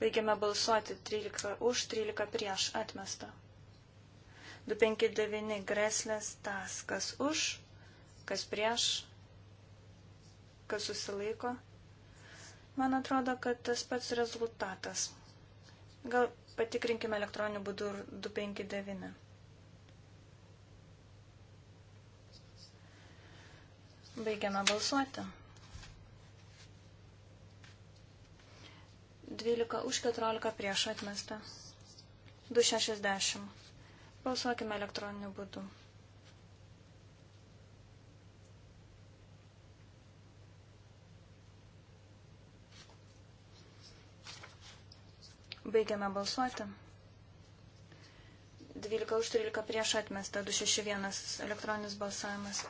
Baigiame balsuoti 13 už, 13 prieš atmestą. 259 greslės tas, kas už, kas prieš, kas susilaiko. Man atrodo, kad tas pats rezultatas. Gal patikrinkime elektroniniu būdu 259. Baigiame balsuoti. 12 už 14 prieš atmestą. 260. Balsuokime elektroniniu būdu. Baigiame balsuoti. 12 už 13 prieš atmestą 261 elektroninis balsavimas.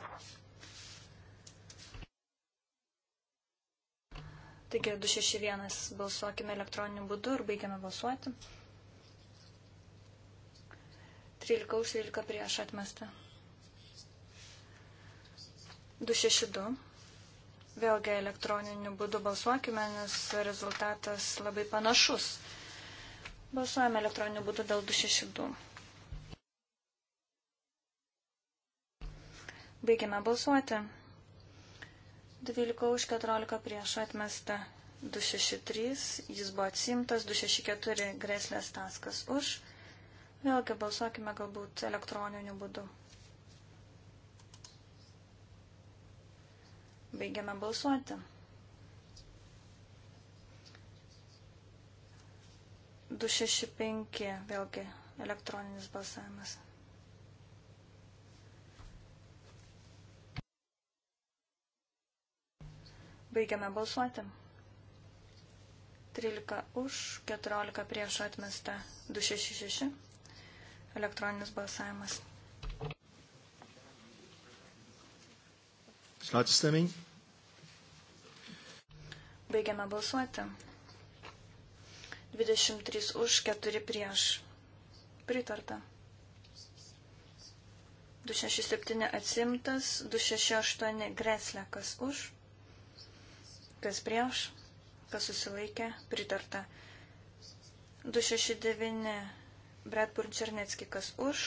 Taigi 261 balsuokime elektroniniu būdu ir baigiame balsuoti. 13 už 13 prieš atmestą. 262. Vėlgi elektroniniu būdu balsuokime, nes rezultatas labai panašus. Balsuojame elektroniniu būdu dėl 262. Baigiame balsuoti. 12 už 14 prieš atmesta 263, jis buvo atsimtas, 264 greslės taskas už. Vėlgi balsuokime galbūt elektroniniu būdu. Baigiame balsuoti. 265 vėlgi elektroninis balsavimas. Baigiame balsuoti. 13 už, 14 prieš atmesta 266. Elektroninis balsavimas. Sluitstemming. Baigiame balsuoti. 23 už, 4 prieš. Pritarta. 267 atsimtas, 268 greslė, kas už kas prieš, kas susilaikė, pritarta. 269 Bradburn Černecki, kas už,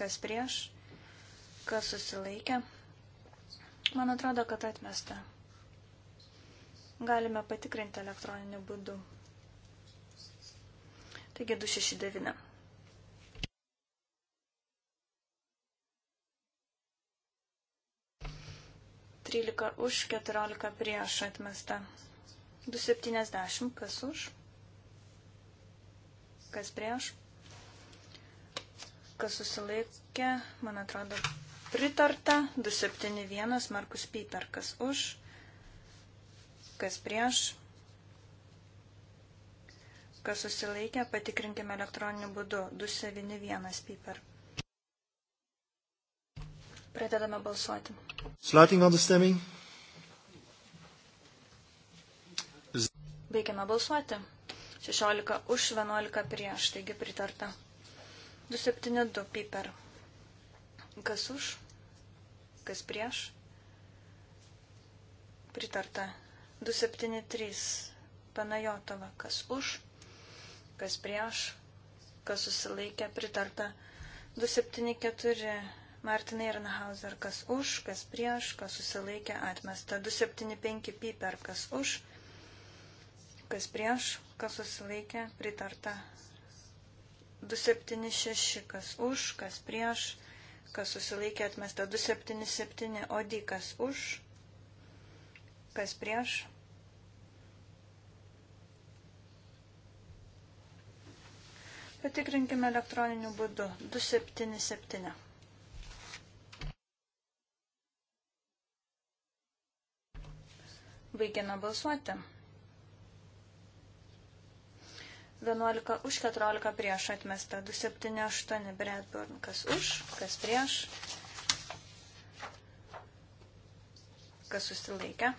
kas prieš, kas susilaikė. Man atrodo, kad atmesta. Galime patikrinti elektroniniu būdu. Taigi 269. 13 už, 14 prieš atmesta. 270, kas už, kas prieš, kas susilaikė, man atrodo, pritarta. 271, Markus Piper, kas už, kas prieš, kas susilaikė, patikrinkime elektroniniu būdu. 271, Piper. Pradedame balsuoti. Sluiting van de stemming. Baigiame balsuoti. 16 už, 11 prieš, taigi pritarta. 272 piper. Kas už, kas prieš. Pritarta. 273 Panajotova. Kas už, kas prieš, kas susilaikė, pritarta. 274 Martinai Irnhauser, kas už, kas prieš, kas susilaikė atmesta. 275 piper, kas už, kas prieš, kas susilaikė pritarta. 276, kas už, kas prieš, kas susilaikė atmesta. 277, odi, kas už, kas prieš, Patikrinkime elektroniniu būdu 277. Baigiame balsuoti. 11 už 14 prieš atmesta. 278 Bradburn. Kas už, kas prieš. Kas susilaikė.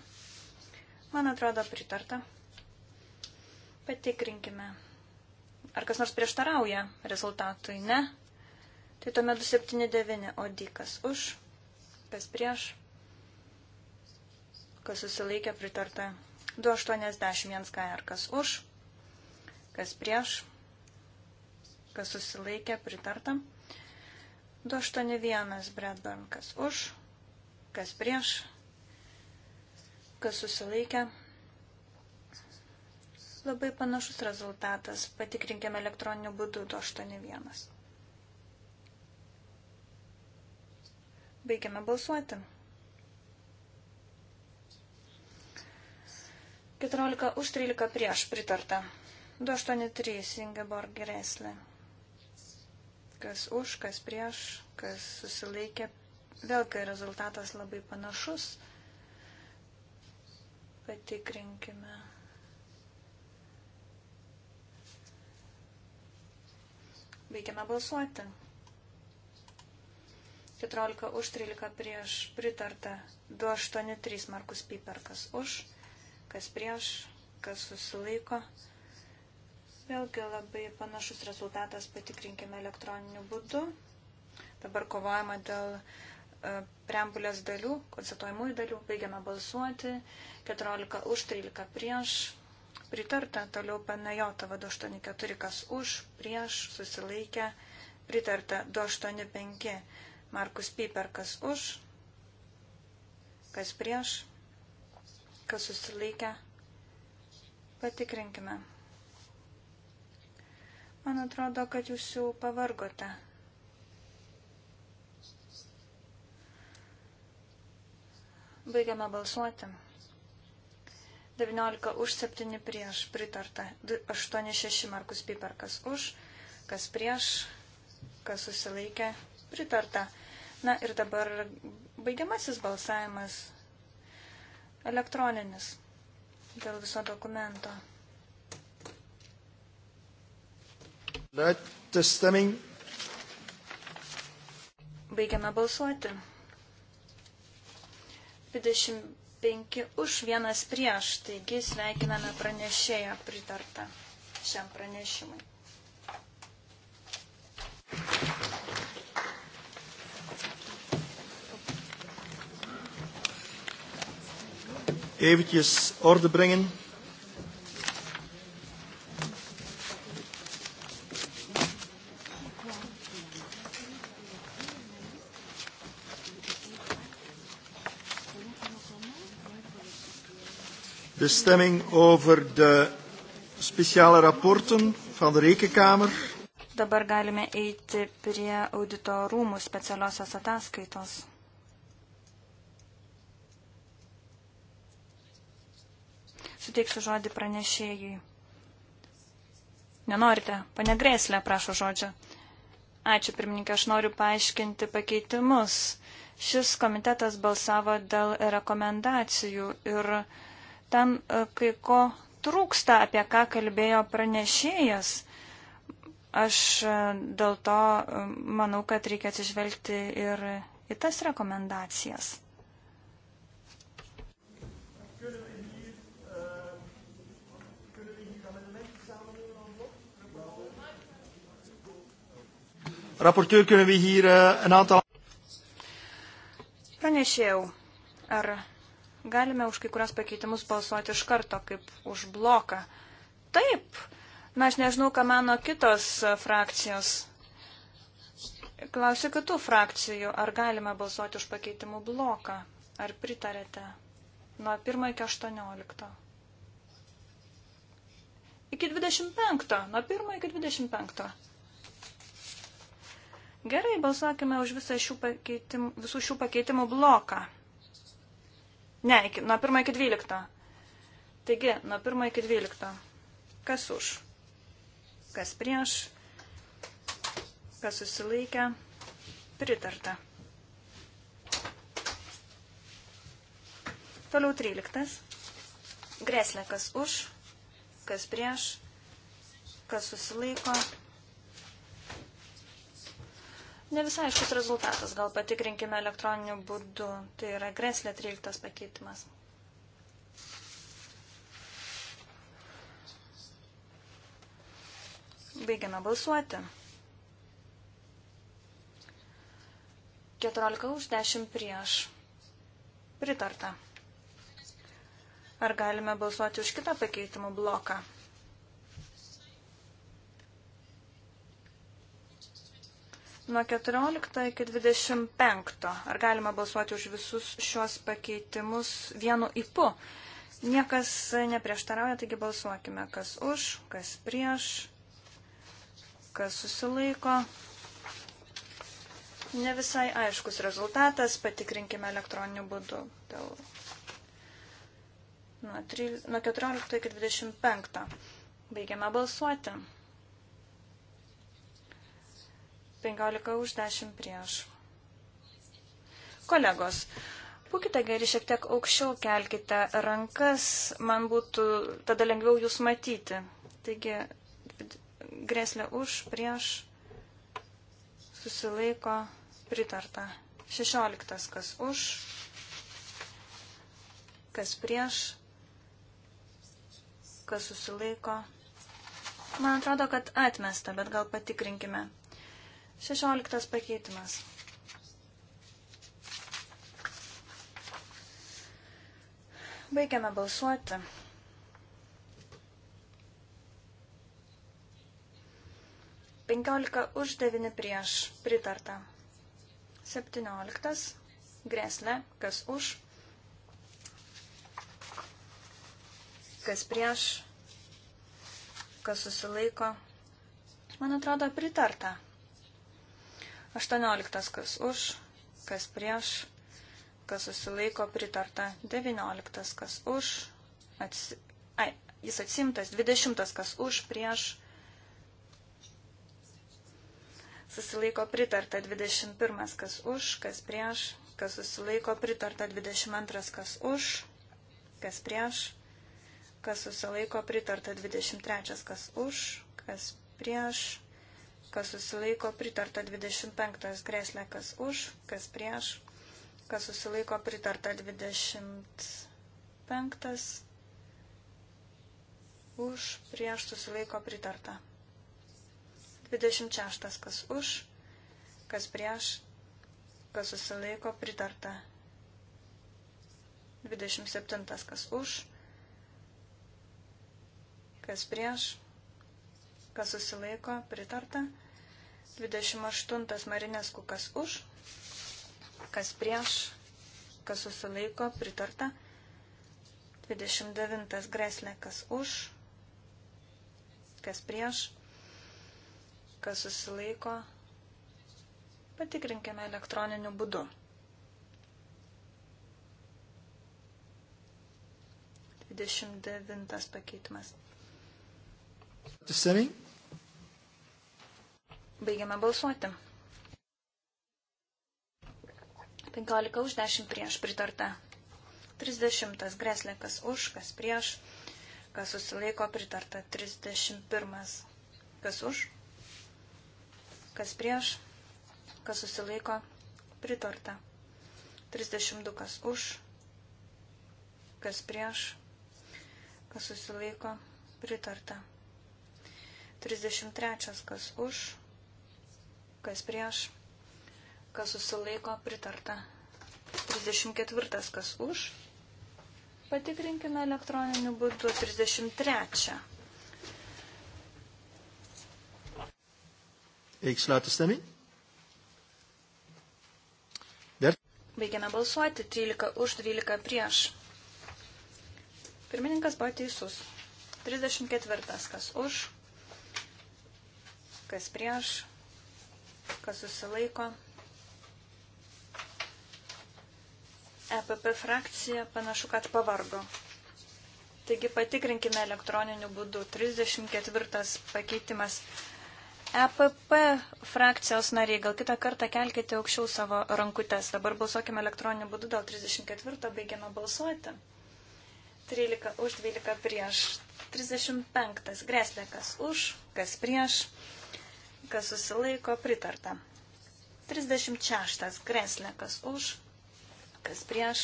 Man atrodo pritarta. Patikrinkime. Ar kas nors prieštarauja rezultatui? Ne. Tai tuomet 279 Odikas už, kas prieš kas susilaikė pritarta 281 KR, kas už, kas prieš, kas susilaikė pritarta 281 Bradburn, kas už, kas prieš, kas susilaikė. Labai panašus rezultatas. Patikrinkime elektroniniu būdu 281. Baigiame balsuoti. 14 už 13 prieš pritarta. 283 Ingeborg Greslė. Kas už, kas prieš, kas susilaikė. Vėlgi rezultatas labai panašus. Patikrinkime. Baigiame balsuoti. 14 už 13 prieš pritarta 283 Markus Piperkas už kas prieš, kas susilaiko. Vėlgi labai panašus rezultatas patikrinkime elektroniniu būdu. Dabar kovojama dėl e, preambulės dalių, konstatuojamųjų dalių, baigiame balsuoti, 14 už, 13 prieš, pritarta, toliau panajota vado 84, kas už, prieš, susilaikę, pritarta 285, Markus Piperkas už, kas prieš, kas susilaikė, patikrinkime. Man atrodo, kad jūs jau pavargote. Baigiame balsuoti. 19 už 7 prieš pritarta. 86 Markus Piperkas už, kas prieš, kas susilaikė, pritarta. Na ir dabar baigiamasis balsavimas Elektroninis dėl viso dokumento. Testament. Baigiame balsuoti. 25 už, vienas prieš, taigi sveikiname pranešėją pritartą šiam pranešimui. eventjes orde brengen. De stemming over de speciale rapporten van de Rekenkamer. Dabar galime eiti prie auditorumų specialiosios ataskaitos. Suteiksiu žodį pranešėjui. Nenorite, pane Greslė, prašo žodžio. Ačiū, pirmininkė, aš noriu paaiškinti pakeitimus. Šis komitetas balsavo dėl rekomendacijų ir ten e, kai ko trūksta, apie ką kalbėjo pranešėjas. Aš e, dėl to e, manau, kad reikia atsižvelgti ir į tas rekomendacijas. Rapporteur, kunnen we hier uh, een aantal. Pranešėjau, ar galime už kai kurias pakeitimus balsuoti iš karto, kaip už bloką? Taip, na aš nežinau, ką mano kitos e, frakcijos. Klausiu kitų frakcijų, ar galima balsuoti už pakeitimų bloką? Ar pritarėte? Nuo 1 iki 18. Iki 25. Nuo 1 iki 25. Gerai, balsuokime už visą šių pakeitimų, visų šių pakeitimų bloką. Ne, iki, nuo 1 iki 12. Taigi, nuo 1 iki 12. Kas už? Kas prieš? Kas susilaikė? Pritarta. Toliau 13. Greslė, kas už, kas prieš, kas susilaiko, ne visai aiškus rezultatas. Gal patikrinkime elektroniniu būdu. Tai yra greslė 13 pakeitimas. Baigiame balsuoti. 14 už 10 prieš. Pritarta. Ar galime balsuoti už kitą pakeitimų bloką? nuo 14 iki 25. Ar galima balsuoti už visus šios pakeitimus vienu ipu? Niekas neprieštarauja, taigi balsuokime, kas už, kas prieš, kas susilaiko. Ne visai aiškus rezultatas, patikrinkime elektroniniu būdu. Dėl... Nuo, 3, nuo 14 iki 25. Baigiame balsuoti. 15 už 10 prieš. Kolegos, būkite geri šiek tiek aukščiau, kelkite rankas, man būtų tada lengviau jūs matyti. Taigi, grėslė už, prieš, susilaiko, pritarta. 16. Kas už, kas prieš, kas susilaiko. Man atrodo, kad atmesta, bet gal patikrinkime. 16 pakeitimas. Baigiame balsuoti. Penkiolika už devini prieš pritarta. Septynioliktas. Greslė. Kas už? Kas prieš? Kas susilaiko? Man atrodo pritarta. 18 kas už, kas prieš, kas susilaiko pritarta. 19 kas už, atsi... Ai, jis atsimtas. 20 kas už, prieš, susilaiko pritarta 21, kas už, kas prieš, kas susilaiko pritarta 22, kas už, kas prieš, kas susilaiko pritarta 23, kas už, kas prieš, kas susilaiko pritarta 25 grėslė, kas už, kas prieš, kas susilaiko pritarta 25, už, prieš susilaiko pritarta. 26 kas už, kas prieš, kas susilaiko pritarta. 27 kas už, kas prieš, kas susilaiko, pritarta. 28 Marinės kukas už, kas prieš, kas susilaiko, pritarta. 29 Greslė kas už, kas prieš, kas susilaiko, patikrinkime elektroniniu būdu. 29 pakeitimas. 7. Baigiame balsuoti. 15 už 10 prieš pritarta. 30 greslė, kas už, kas prieš, kas susilaiko pritarta. 31 kas už, kas prieš, kas susilaiko pritarta. 32 kas už, kas prieš, kas susilaiko pritarta. 33 kas už, kas prieš, kas susilaiko pritarta. 34 kas už. Patikrinkime elektroniniu būdu 33. Ik sluit de stemming. Baigiame balsuoti 13 už 12 prieš. Pirmininkas buvo teisus. 34 kas už, kas prieš, kas susilaiko. EPP frakcija panašu, kad pavargo. Taigi patikrinkime elektroniniu būdu. 34 pakeitimas. EPP frakcijos nariai, gal kitą kartą kelkite aukščiau savo rankutės. Dabar balsuokime elektroniniu būdu dėl 34, baigiame balsuoti. 13 už, 12 prieš. 35. Greslė kas už, kas prieš kas susilaiko, pritarta. 36. Greslė, kas už, kas prieš,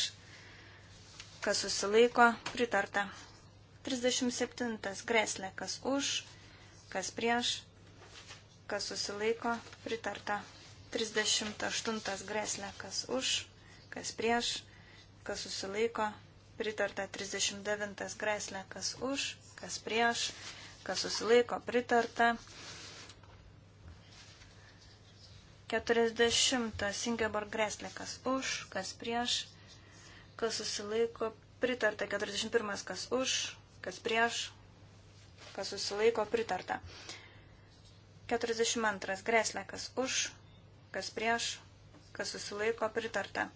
kas susilaiko, pritarta. 37. Greslė, kas už, kas prieš, kas susilaiko, pritarta. 38. Greslė, kas už, kas prieš, kas susilaiko, pritarta 39 greslė, kas už, kas prieš, kas susilaiko, pritarta 40. Ingeborg Greslė, kas už, kas prieš, kas susilaiko, pritarta. 41. Kas už, kas prieš, kas susilaiko, pritarta. 42. Greslė, kas už, kas prieš, kas susilaiko, pritarta.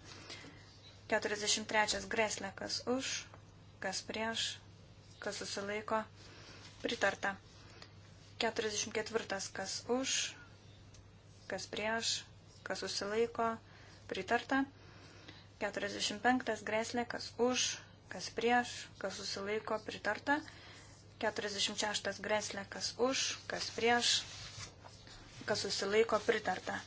43. Greslė, kas už, kas prieš, kas susilaiko, pritarta. 44. Kas už, kas prieš, kas susilaiko, pritarta. 45 greslė, kas už, kas prieš, kas susilaiko, pritarta. 46 greslė, kas už, kas prieš, kas susilaiko, pritarta.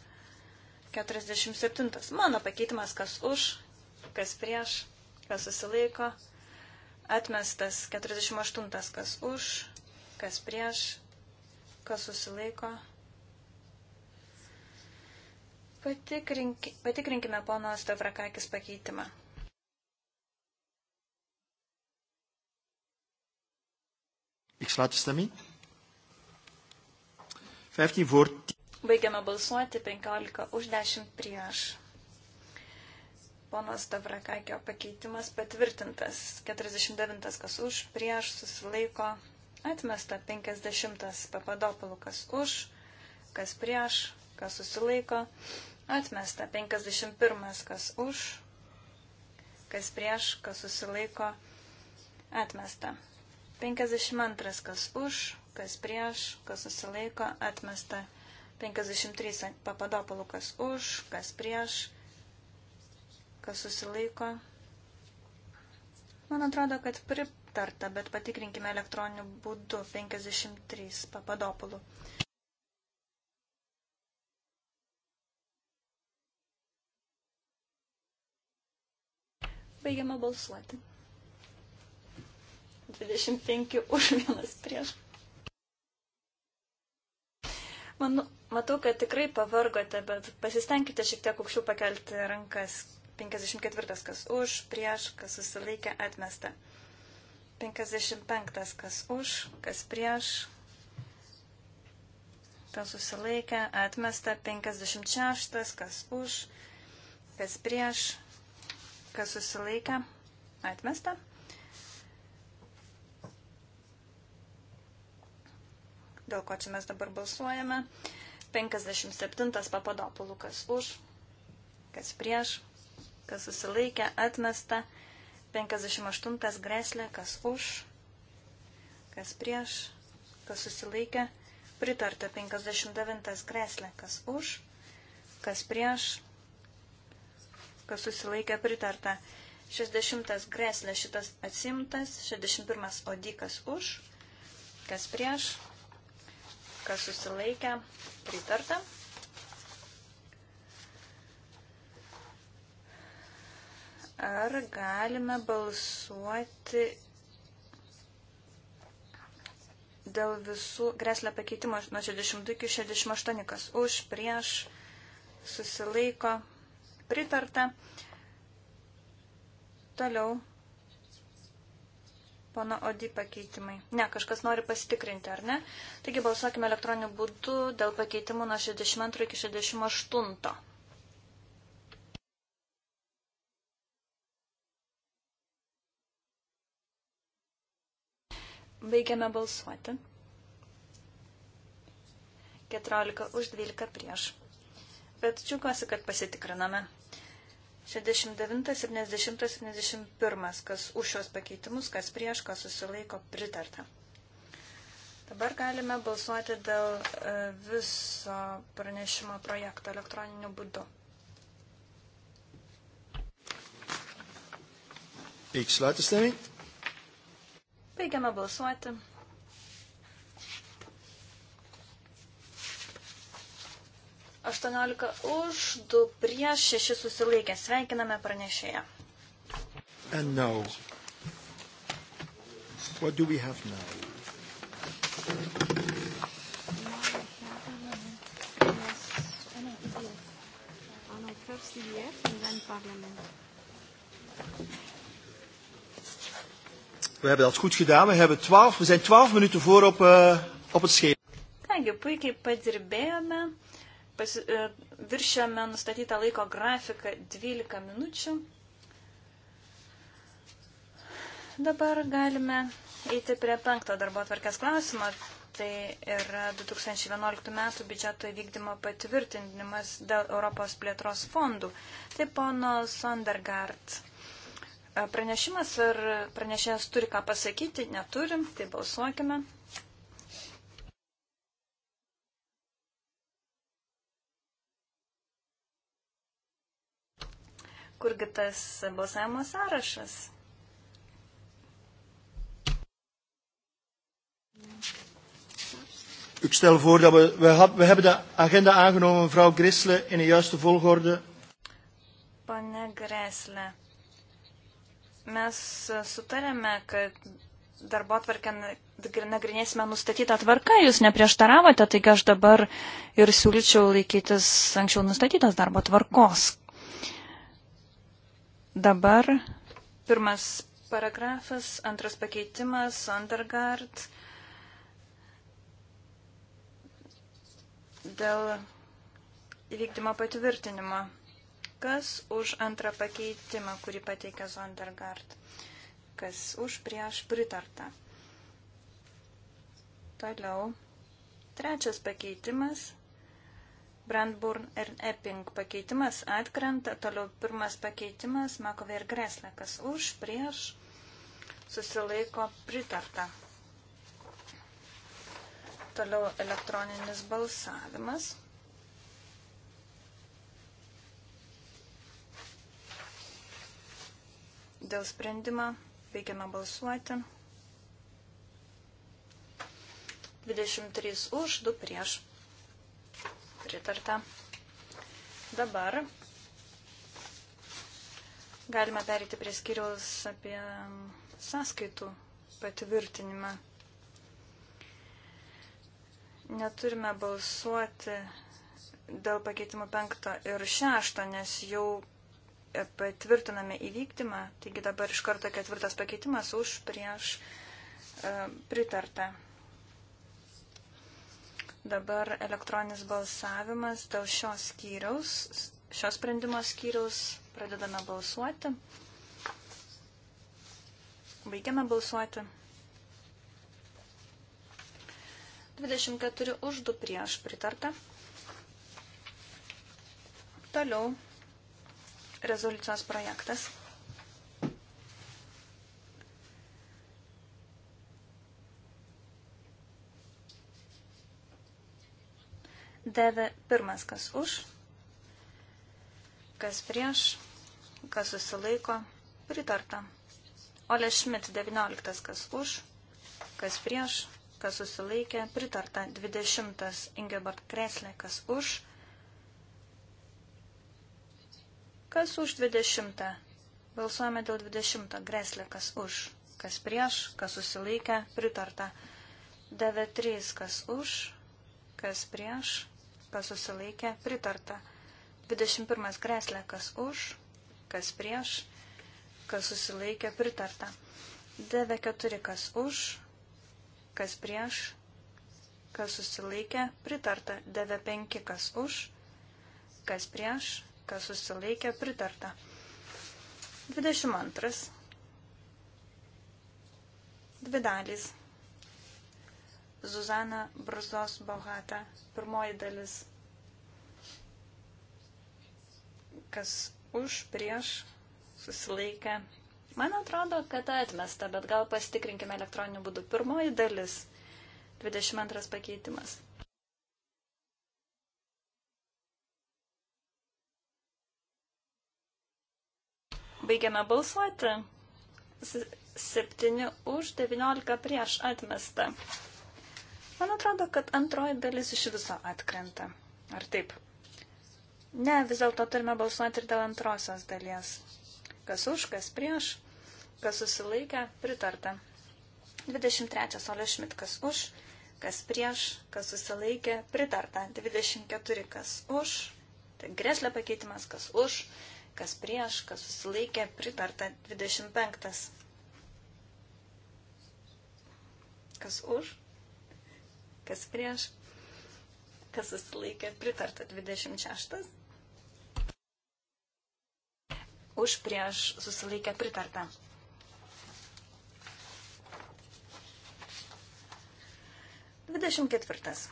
47. Mano pakeitimas, kas už, kas prieš, kas susilaiko, atmestas. 48. Kas už, kas prieš, kas susilaiko, Patikrink, patikrinkime pono Stavrakakis pakeitimą. Ik sluit de stemming. 15 voor. Baigiame balsuoti 15 už 10 prieš. Ponas Davrakakio pakeitimas patvirtintas. 49 kas už, prieš susilaiko. Atmesta 50 papadopalų kas už, kas prieš kas susilaiko, atmesta. 51, kas už, kas prieš, kas susilaiko, atmesta. 52, kas už, kas prieš, kas susilaiko, atmesta. 53, papadopalų, kas už, kas prieš, kas susilaiko. Man atrodo, kad pritarta, bet patikrinkime elektroniniu būdu 53 papadopalų. Baigiame balsuoti. 25 už vienas prieš. Manu, matau, kad tikrai pavargote, bet pasistengkite šiek tiek aukščiau pakelti rankas. 54 kas už, prieš, kas susilaikė, atmesta. 55 kas už, kas prieš, kas susilaikė, atmesta. 56 kas už, kas prieš, kas susilaikė, atmesta. Dėl ko čia mes dabar balsuojame. 57 papadopulų, kas už, kas prieš, kas susilaikė, atmesta. 58 greslė, kas už, kas prieš, kas susilaikė, pritarta. 59 greslė, kas už, kas prieš, kas susilaikė pritarta. 60 greslė šitas atsimtas, 61 odikas už, kas prieš, kas susilaikė pritarta. Ar galime balsuoti dėl visų greslio pakeitimo nuo 62 iki 68, kas už, prieš, susilaiko, pritarta. Toliau pono Odi pakeitimai. Ne, kažkas nori pasitikrinti, ar ne? Taigi balsuokime elektroniniu būdu dėl pakeitimų nuo 62 iki 68. Baigiame balsuoti. 14 už 12 prieš bet džiugosi, kad pasitikriname. 69, 70, 71, kas už šios pakeitimus, kas prieš, kas susilaiko pritarta. Dabar galime balsuoti dėl e, viso pranešimo projekto elektroniniu būdu. Baigiame balsuoti. 18 už, 2 prieš, 6 susilaikė. Sveikiname pranešėją. And now, what do we have now? First EDF and then Parliament. We hebben dat goed gedaan. We, hebben 12, we zijn 12 minuten voor op, uh, op het schema. Taigi, puikiai padirbėjome pasi, e, viršėme nustatytą laiko grafiką 12 minučių. Dabar galime eiti prie penkto darbo atvarkės klausimo. Tai yra 2011 metų biudžeto įvykdymo patvirtinimas dėl Europos plėtros fondų. Tai pono Sondergaard. E, pranešimas ar pranešėjas turi ką pasakyti, neturim, tai balsuokime. kurgi tas balsavimo sąrašas. Ik stel voor dat we, we, had, we hebben de agenda aangenomen, mevrouw Grisle, in de juiste volgorde. Pane Grisle, mes sutarėme, kad darbo atvarkę nagrinėsime nustatytą tvarką, jūs neprieštaravote, taigi aš dabar ir siūlyčiau laikytis anksčiau nustatytos darbo tvarkos. Dabar pirmas paragrafas, antras pakeitimas, Sondergaard. Dėl įvykdymo patvirtinimo. Kas už antrą pakeitimą, kurį pateikė Sondergaard? Kas už prieš pritarta? Toliau. Trečias pakeitimas. Brandburn ir Epping pakeitimas atkrenta, toliau pirmas pakeitimas Makovė ir Greslė, kas už, prieš, susilaiko pritarta. Toliau elektroninis balsavimas. Dėl sprendimo baigiame balsuoti. 23 už, 2 prieš pritarta. Dabar galime perėti prie skiriaus apie sąskaitų patvirtinimą. Neturime balsuoti dėl pakeitimų penkto ir šešto, nes jau e, patvirtiname įvykdymą, taigi dabar iš karto ketvirtas pakeitimas už prieš e, pritartą. Dabar elektroninis balsavimas dėl šios skyriaus, šios sprendimo skyriaus pradedame balsuoti. Baigiame balsuoti. 24 už 2 prieš pritarta. Toliau rezoliucijos projektas. Deve pirmas, kas už, kas prieš, kas susilaiko, pritarta. Ole Šmit 19, kas už, kas prieš, kas susilaikė, pritarta 20 Ingeborg Kreslė, kas už. Kas už 20? Balsuojame dėl 20. Greslė, kas už, kas prieš, kas susilaikė, pritarta. DV3, kas už, kas prieš, kas susilaikė, pritarta. 21 greslė, kas už, kas prieš, kas susilaikė, pritarta. DV4, kas už, kas prieš, kas susilaikė, pritarta. DV5, kas už, kas prieš, kas susilaikė, pritarta. 22. Dvi dalys. Zuzana Bruzos Bohata, pirmoji dalis. Kas už, prieš, susilaikė. Man atrodo, kad atmesta, bet gal pasitikrinkime elektroniniu būdu. Pirmoji dalis, 22 pakeitimas. Baigiame balsuoti. 7 už, 19 prieš atmesta. Man atrodo, kad antroji dalis iš viso atkrenta. Ar taip? Ne, vis dėlto turime balsuoti ir dėl antrosios dalies. Kas už, kas prieš, kas susilaikė, pritarta. 23 Olė Šmit, kas už, kas prieš, kas susilaikė, pritarta. 24 kas už, tai greslė pakeitimas, kas už, kas prieš, kas susilaikė, pritarta. 25 kas už, kas prieš, kas susilaikė, pritarta 26. Už prieš susilaikė pritarta. Dvidešimt ketvirtas.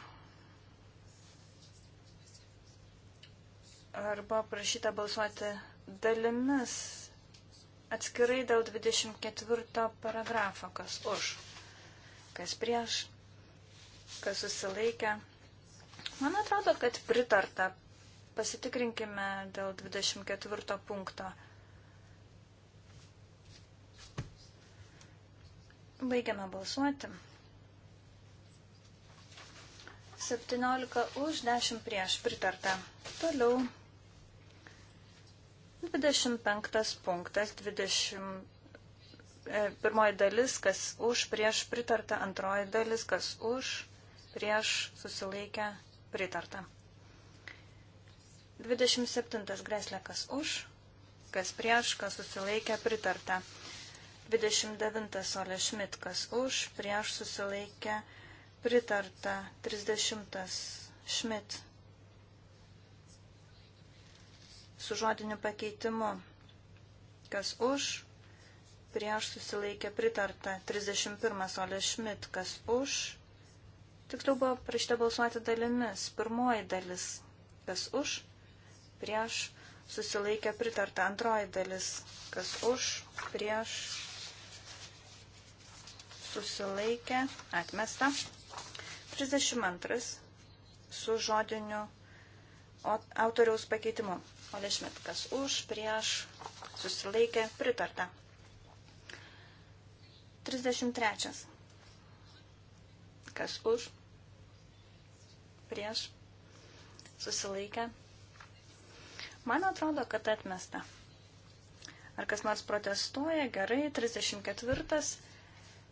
Arba prašyta balsuoti dalimis atskirai dėl 24 paragrafo, kas už, kas prieš, kas susilaikė. Man atrodo, kad pritarta. Pasitikrinkime dėl 24 punkto. Baigiame balsuoti. 17 už 10 prieš pritarta. Toliau 25 punktas, 20, e, pirmoji dalis, kas už prieš pritarta, antroji dalis, kas už prieš susilaikę pritarta. 27 greslė kas už, kas prieš, kas susilaikė pritarta. 29 Solė Šmit kas už, prieš susilaikė pritarta. 30 Šmit su žodiniu pakeitimu kas už, prieš susilaikė pritarta. 31 Solė Šmit kas už, Tiksliau buvo prašyta balsuoti dalimis. Pirmoji dalis, kas už, prieš, susilaikė pritarta. Antroji dalis, kas už, prieš, susilaikė, atmesta. 32 su žodiniu autoriaus pakeitimu. Ole Šmitkas už, prieš, susilaikė, pritarta. 33. Kas už, prieš, susilaikę. Man atrodo, kad atmesta. Ar kas nors protestuoja? Gerai, 34.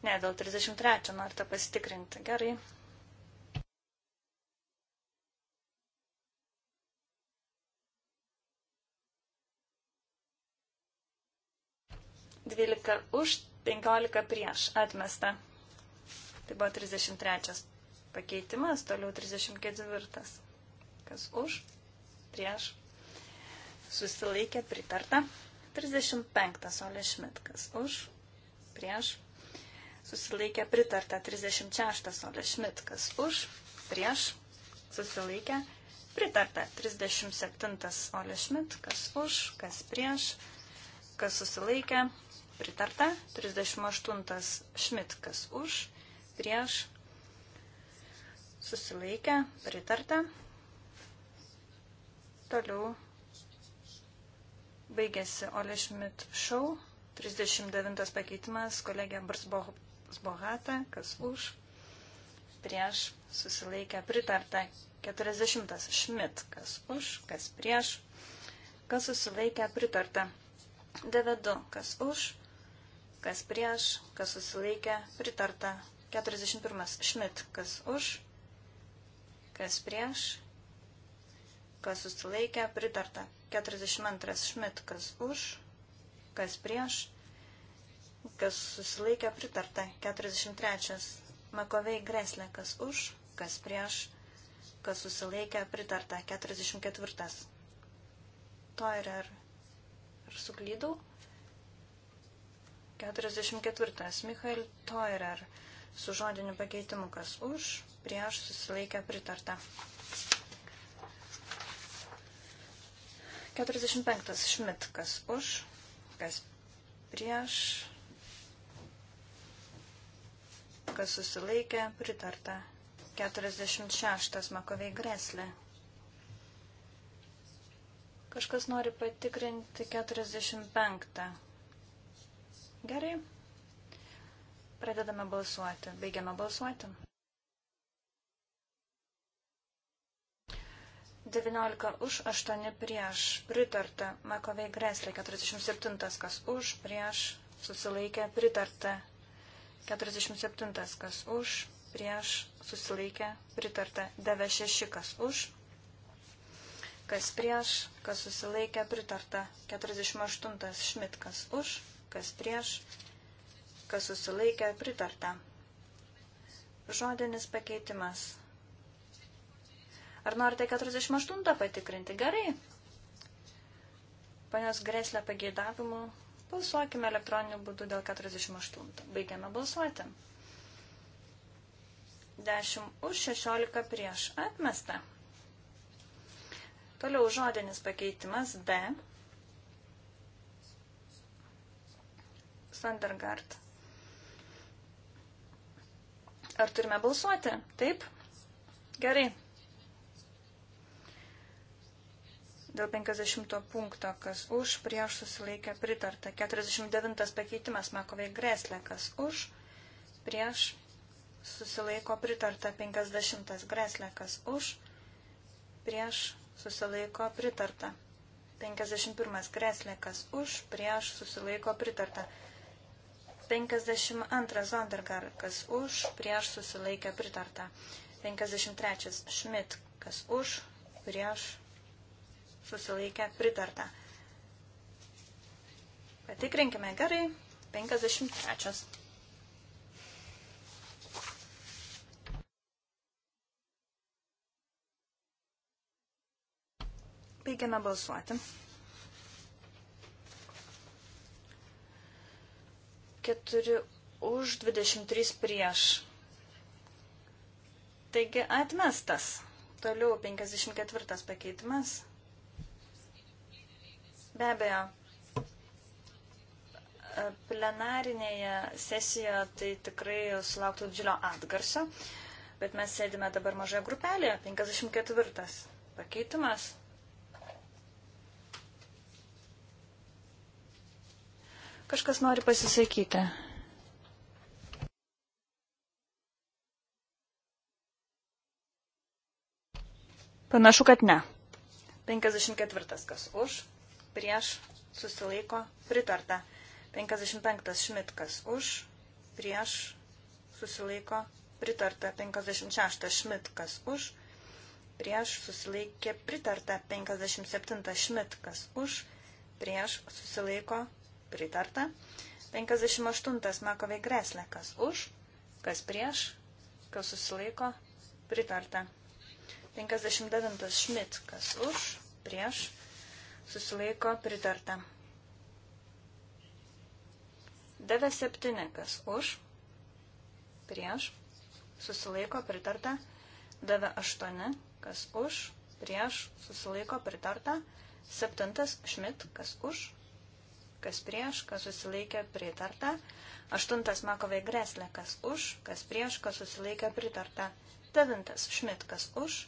Ne, dėl 33 norite pasitikrinti. Gerai. Dvylika už, penkiolika prieš. Atmesta. Tai buvo 33 pakeitimas, toliau 34. Kas už, prieš, susilaikė pritarta. 35. Olė Šmit, kas už, prieš, susilaikė pritarta. 36. Olė Šmit, kas už, prieš, susilaikė pritarta. 37. Olė Šmit, kas už, kas prieš, kas susilaikė pritarta. 38. Šmit, kas už, prieš, susilaikę, pritarta. Toliau baigėsi Ole Schmidt šau, 39 pakeitimas, kolegė Barsbohata, kas už, prieš, susilaikę, pritarta. 40 Schmidt, kas už, kas prieš, kas susilaikę, pritarta. Devedu, kas už, kas prieš, kas susilaikė, pritarta. 41. Šmit, kas už, Kas prieš? Kas susilaikė? Pritarta. 42 Šmit. Kas už? Kas prieš? Kas susilaikė? Pritarta. 43 Makovei Greslė. Kas už? Kas prieš? Kas susilaikė? Pritarta. 44 Toirer. Ar suklydau? 44. Michael Toirer su žodiniu pakeitimu kas už, prieš susilaikę pritarta. 45. Šmit, kas už, kas prieš, kas susilaikė, pritarta. 46. Makovei Greslė. Kažkas nori patikrinti 45. Gerai. Pradedame balsuoti. Baigiame balsuoti. 19 už, 8 prieš. Pritarta. Makovei Greslė 47, kas už, prieš. Susilaikė. Pritarta. 47, kas už, prieš. Susilaikė. Pritarta. 96, kas už. Kas prieš, kas susilaikė. Pritarta. 48, Šmit, kas už, kas prieš. Kas susilaikė. Pritarta. Žodinis pakeitimas. Ar norite 48 patikrinti? Gerai. Panios Greslė pageidavimu balsuokime elektroniniu būdu dėl 48. Baigiame balsuoti. 10 už 16 prieš atmestą. Toliau žodinis pakeitimas D. Sandergaard. Ar turime balsuoti? Taip? Gerai, Dėl 50 punkto, kas už, prieš susilaikė pritarta. 49 pakeitimas Makovai Greslė, kas už, prieš susilaiko pritarta. 50 Greslė, kas už, prieš susilaiko pritarta. 51 Greslė, kas už, prieš susilaiko pritarta. 52 Zondergar, kas už, prieš susilaikė pritarta. 53 Schmidt, kas už, prieš susilaikę pritarta. Patikrinkime gerai. 53. Baigiame balsuoti. 4 už 23 prieš. Taigi atmestas. Toliau 54 pakeitimas. Be abejo, e, plenarinėje sesijoje tai tikrai sulauktų didžiulio atgarsio, bet mes sėdime dabar mažoje grupelėje, 54 pakeitimas. Kažkas nori pasisakyti. Panašu, kad ne. 54 kas už prieš, susilaiko, pritarta. 55 Šmitkas už, prieš, susilaiko, pritarta. 56 Šmitkas už, prieš, susilaikė, pritarta. 57 Šmitkas už, prieš, susilaiko, pritarta. 58 Makovai Greslekas už, kas prieš, kas susilaiko, pritarta. 59 Šmitkas už, prieš, susilaiko pritarta. Deve septynikas už, prieš, susilaiko pritarta. Deve aštuoni, kas už, prieš, susilaiko pritarta. Septintas šmit, kas už, kas prieš, kas susilaikė pritarta. Aštuntas makovai greslė, kas už, kas prieš, kas susilaikė pritarta. Devintas šmit, kas už,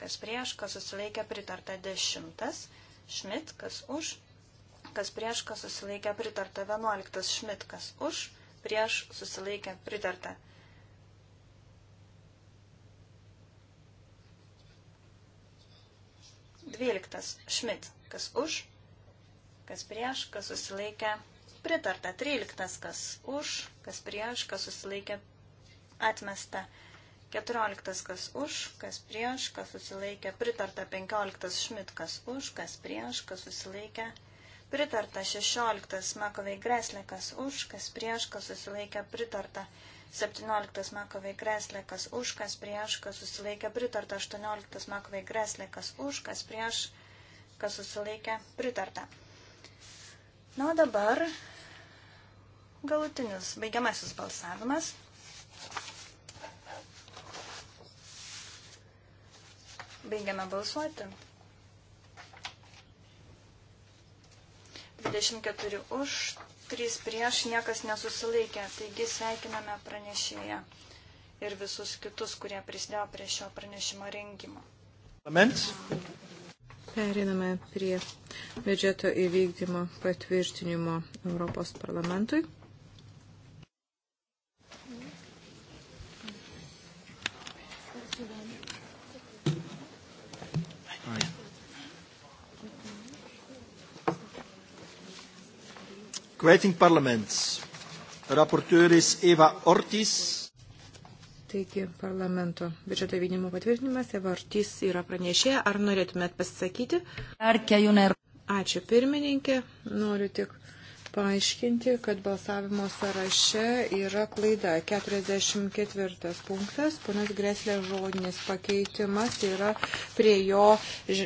kas prieš, kas susilaikė pritarta. Dešimtas šmit Šmit, kas už, kas prieš, kas susilaikė pritarta. 11 Šmit, kas už, prieš, susilaikė pritarta. Dvyliktas Šmit, kas už, kas prieš, kas susilaikė pritarta. Tryliktas, kas už, kas prieš, kas susilaikė atmesta. 14 kas už, kas prieš, kas susilaikė, pritarta 15 šmit kas už, kas prieš, kas susilaikė, pritarta 16 makovai greslė kas už, kas prieš, kas susilaikė, pritarta 17 makovai greslė kas už, kas prieš, kas susilaikė, pritarta 18 makovai greslė kas už, kas prieš, kas susilaikė, pritarta. Na o dabar galutinis baigiamasis balsavimas. Baigiame balsuoti. 24 už, 3 prieš, niekas nesusilaikė. Taigi sveikiname pranešėją ir visus kitus, kurie prisidėjo prie šio pranešimo rengimo. Amens. Periname prie biudžeto įvykdymo patvirtinimo Europos parlamentui. Kwijting parlement. Rapporteur is Eva Ortiz. Taigi, parlamento biudžeto vykdymo patvirtinimas, Eva Ortiz yra pranešėja, ar norėtumėt pasisakyti? Ačiū pirmininkė, noriu tik paaiškinti, kad balsavimo sąraše yra klaida. 44 punktas, ponas Greslė žodinis pakeitimas yra prie jo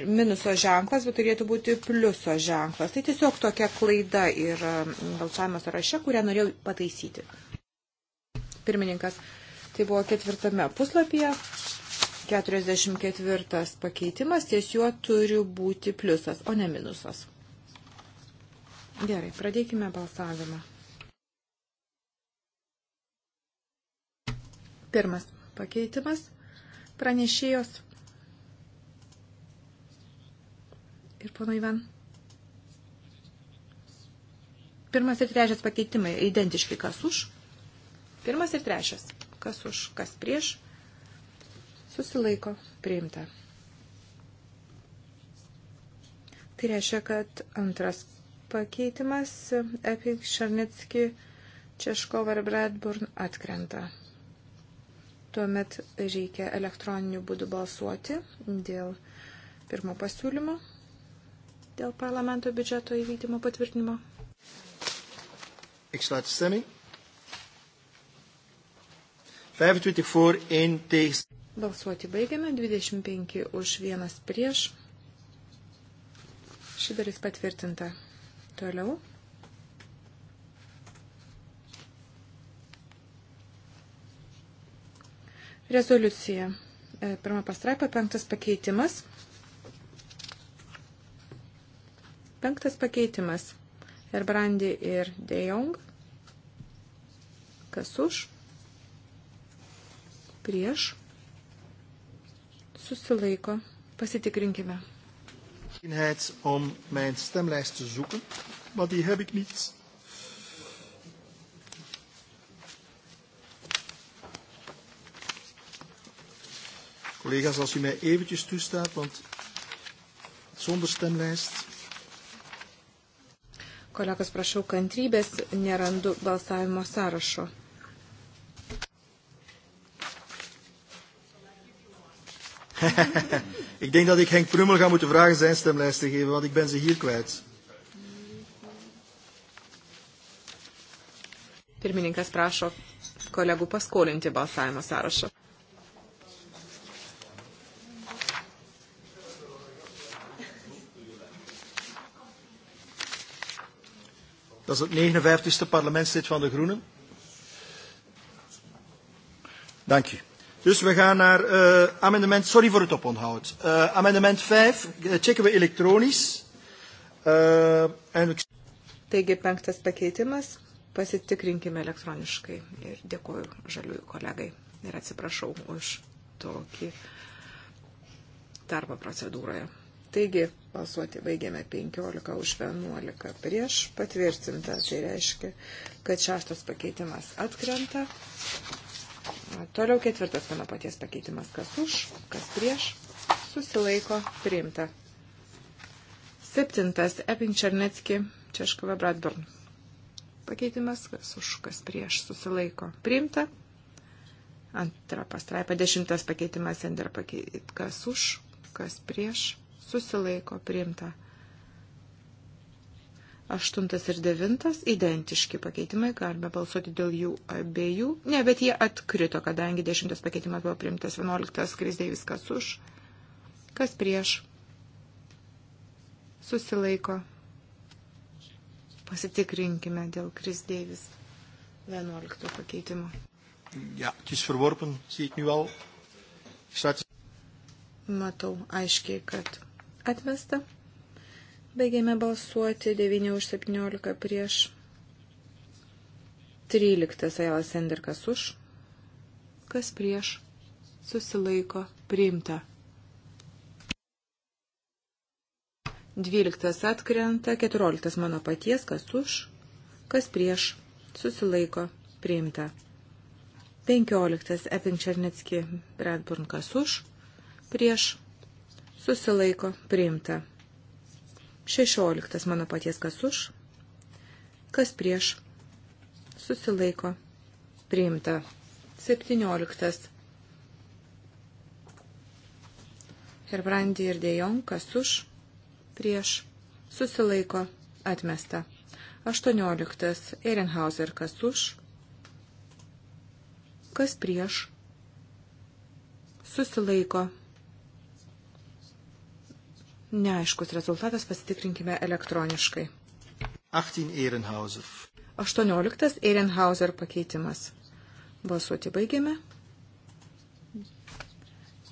minuso ženklas, bet turėtų būti pliuso ženklas. Tai tiesiog tokia klaida yra balsavimo sąraše, kurią norėjau pataisyti. Pirmininkas, tai buvo ketvirtame puslapyje. 44 pakeitimas, ties juo turi būti pliusas, o ne minusas. Gerai, pradėkime balsavimą. Pirmas pakeitimas pranešėjos ir pono Ivan. Pirmas ir trečias pakeitimai identiški kas už. Pirmas ir trečias. Kas už, kas prieš. Susilaiko priimta. Tai reiškia, kad antras pakeitimas Epik Šarnitski Češkova ir Bradburn atkrenta. Tuomet reikia elektroniniu būdu balsuoti dėl pirmo pasiūlymo, dėl parlamento biudžeto įvykdymo patvirtinimo. Ik sluit de stemming. 25 voor, 1 tegen. Balsuoti baigiame, 25 už, 1 prieš. Ši dalis patvirtinta. Toliau. Rezoliucija. E, pirma pastraipa, penktas pakeitimas. Penktas pakeitimas. Ir Brandy ir De Jong. Kas už? Prieš. Susilaiko. Pasitikrinkime gelegenheid om mijn stemlijst te zoeken, maar die heb ik niet. Collega's, als u mij eventjes toestaat, want zonder stemlijst. Kolegos, prašau kantrybės, nerandu balsavimo sąrašo. ik denk dat ik Henk Prummel ga moeten vragen zijn stemlijst te geven, want ik ben ze hier kwijt. Pirmininkas prašo kolegų paskolinti balsavimo sąrašą. Dat is het 59ste parlementslid van de Groenen. Dank u. Dus we gaan naar uh, amendement, sorry voor het oponthoud. Uh, amendement 5, eh, checken we elektronisch. Uh, en... Taigi penktas pakeitimas, pasitikrinkime elektroniškai. Ir dėkuoju žaliųjų kolegai ir atsiprašau už tokį darbą procedūroje. Taigi, balsuoti baigėme 15 už 11 prieš patvirtintą, tai reiškia, kad šeštas pakeitimas atkrenta. Toliau ketvirtas mano paties pakeitimas. Kas už, kas prieš, susilaiko, priimta. Septintas, Epin Černetski, Češkova Bradburn. Pakeitimas, kas už, kas prieš, susilaiko, priimta. Antra pastraipa, dešimtas pakeitimas, Ender pakeit, kas už, kas prieš, susilaiko, priimta. Aštuntas ir devintas identiški pakeitimai, galime balsuoti dėl jų abiejų. Ne, bet jie atkrito, kadangi dešimtas pakeitimas buvo priimtas, vienuoliktas krizdė viskas už. Kas prieš? Susilaiko. Pasitikrinkime dėl krizdėvis 11 pakeitimo. Ja, het is verworpen, zie ik nu al. Staat... Matau aiškiai, kad atmesta. Baigėme balsuoti 9 už 17 prieš 13 Ailas Enderkas už. Kas prieš? Susilaiko. Priimta. 12 atkrenta, 14 mano paties, kas už, kas prieš, susilaiko, priimta. 15 Epin Černetski, Bradburn, kas už, prieš, susilaiko, priimta. 16 mano paties kas už, kas prieš, susilaiko, priimta. 17. Herbrandi ir Dejon, kas už, prieš, susilaiko, atmesta. 18. Ehrenhauser, kas už, kas prieš, susilaiko, atmesta Neaiškus rezultatas pasitikrinkime elektroniškai. 18 Ehrenhauser. 18 Ehrenhauser pakeitimas. Balsuoti baigėme.